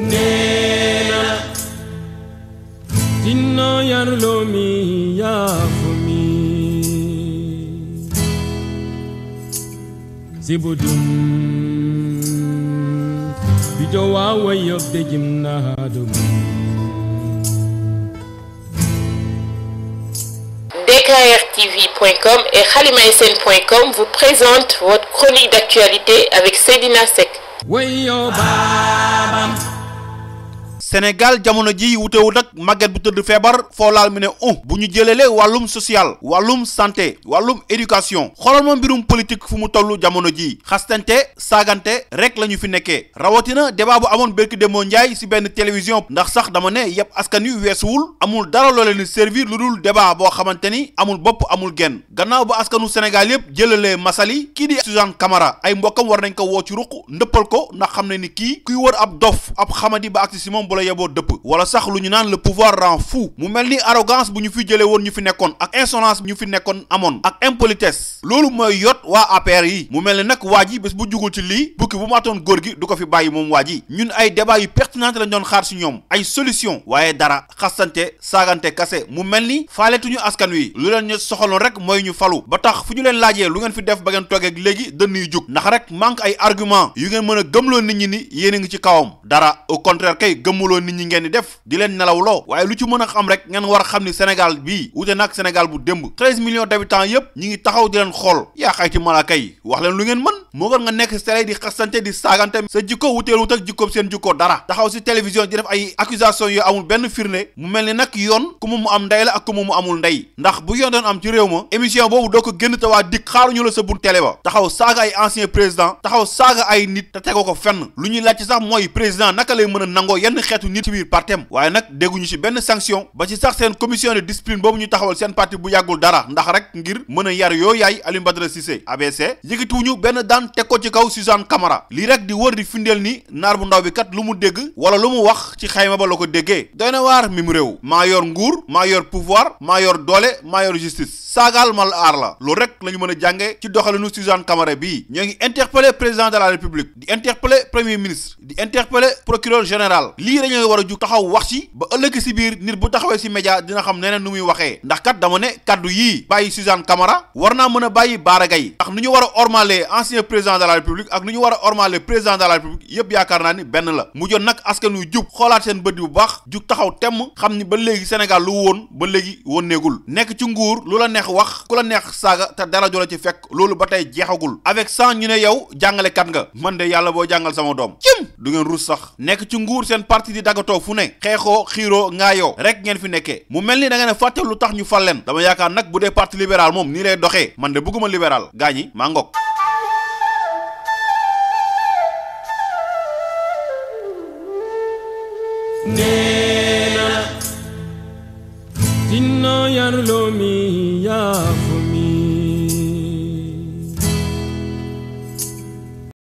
DKRTV.com et KhalimaSN.com vous présentent votre chronique d'actualité avec Sedina Sek. Sénégal jamono ji wutewut ak magget bu tëdd feebar foo laal mu ne uh, bu ñu social wàllum santé wàllum éducation xoolal ma mbirum politique fu mu toll jamono ji xastante saagante rek la ñu fi nekkee rawatina débat bu amoon bërki de njaay si benn télévision ndax sax dama ne usoul. askan amul dara loo ni servir lu dul débat boo xamante amul bopp amul genn gannaaw ba askanu Sénégal yépp masali kii di Suzanne Camara ay mbokkam war nañ ko woo ci ruq ndëppal ko ni kuy ab dof ab xamadi ba agsi yeboo dëpp wala sax lu ñu naan le pouvoir rend fou mu mel arrogance bu ñu fi jële woon ñu fi nekkoon ak insolence ñu fi nekkoon amoon ak impolitesse loolu mooy yot waa APR yi mu mel ni nag waa ji bés bu jugul ci lii bukki bu maatoon góor gi du ko fi bàyyi moom waa ñun ay débat yu pertinente la doon xaar si ñoom ay solution waaye dara xasante saagante kase mu mel ni faaletuñu askan wi lu leen ñu soxaloon rek mooy ñu falu ba tax fu ñu leen laajee lu ngeen fi def ba ngeen toogee léegi yu jug ndax rek manque ay argument yu ngeen mën a gëmloo nit ñi ni yéen a ci kawam dara au contraire kay gëmuloo gëmloo nit ñi ngeen di def di leen nelawloo waaye lu ci mën a xam rek ngeen war a xam ni Sénégal bi wute nag Sénégal bu demb 13 millions d'habitants yépp ñu ngi taxaw di leen xool yaa xayti malaaka yi wax leen lu ngeen mën moo gën nga nekk si di xasante di saagante sa jikko wuteelu wut jikkoom seen jikko dara taxaw si télévision di def ay accusation yoo amul benn firnde mu mel ni nag yoon ku mu mu am ndey la ak ku mu mu amul ndey ndax bu yoon doon am ci réew ma émission boobu doo ko génn te waa dikk xaaruñu la sa bun télé ba taxaw saaga ay ancien président taxaw saaga ay nit te tegoo ko fenn lu ñuy laaj sax mooy président naka lay mën a nangoo yenn xeetu nit ci biir partem waaye nag dégguñu ba ci sax seen commission de discipline boobu ñu taxawal seen parti bu yàggul yar yoo yaay Alioune Badara Cissé Bougane teg ko ci kaw Suzanne Camara lii rek di wër di findeel ni naar bu ndaw bi kat lu mu dégg wala lu mu wax ci xayma ba la ko déggee doy na waar mi mu réew maa yor nguur maa yor pouvoir maa yor doole maa yor justice saagaal mal aar la loolu rek la ñu mën a jàngee ci doxalinu Suzanne Camara bii ñoo ngi interpellé président de la république di interpellé premier ministre di interpellé procureur général lii dañoo war a jug taxaw wax ci ba ëllëg si biir nit bu taxawee si média dina xam neneen nu muy waxee ndax kat dama ne kaddu yii bàyyi Suzanne Camara war naa mën a bàyyi Bara Gaye ndax a président de la république ak nu ñu war a ormaale président de la république yëpp yaakaar naa ni benn la mu jot nag askan wi jub xoolaat seen bët bu baax ju taxaw temm xam ni ba léegi Sénégal lu woon ba léegi woon néegul nekk ci nguur lu la neex wax ku la neex saaga te dara du ci fekk loolu ba tey jeexagul avec cent ñu ne yow jàngalekat nga man de yàlla boo jàngal sama doom cim du ngeen rus sax nekk ci nguur seen parti di daggatoo fu ne xeexoo xiiroo ngaayoo rek ngeen fi nekkee mu mel ni da ngeen a fàtte lu tax ñu fal leen dama yaakaar nag bu dee parti libéral moom nii lay doxee man de bëgguma libéral gaa ñi maa Nena Dino yarlo mi yafu